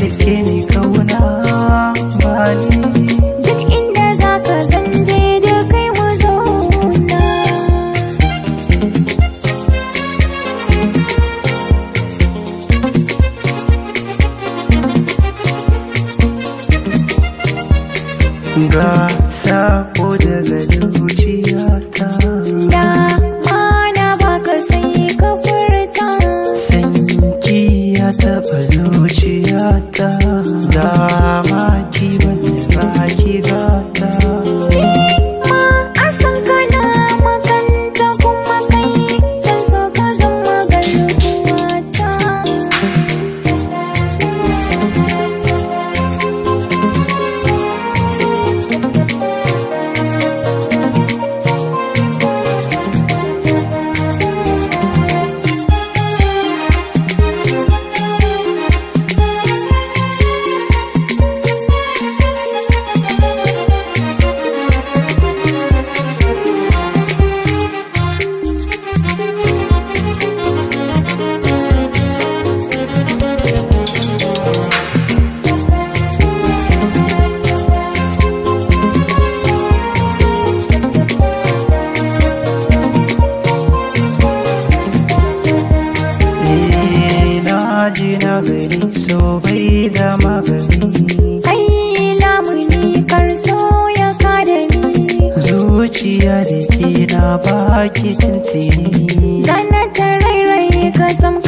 kake ne kauna ba duk inda zaka zanje da kai mu zauna ga sako daga zuciyata da nagari so bai da magani kai lamuni kar so ya kada ni zuciya da ke na baki tuntuni ta rairaye ka tamka